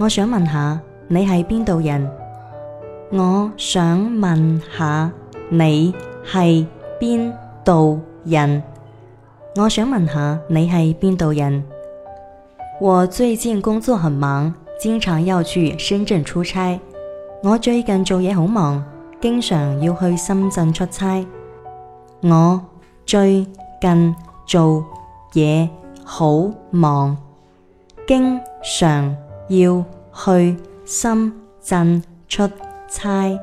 我想問下，你係邊度人？我想問下，你係邊度人？我想問下，你係邊度人？我最近工作很忙，經常要去深圳出差。我最近做嘢好忙，經常要去深圳出差。我最近做嘢好忙，經常要去深圳出差。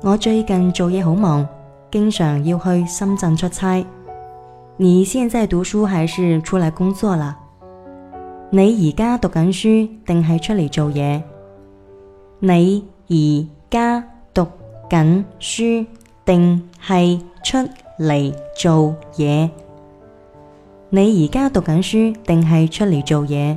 我最近做嘢好忙，經常要去深圳出差。你現在讀書還是出來工作啦？你而家讀緊書定係出嚟做嘢？你而家讀緊書定係出嚟做嘢？你而家讀緊書定係出嚟做嘢？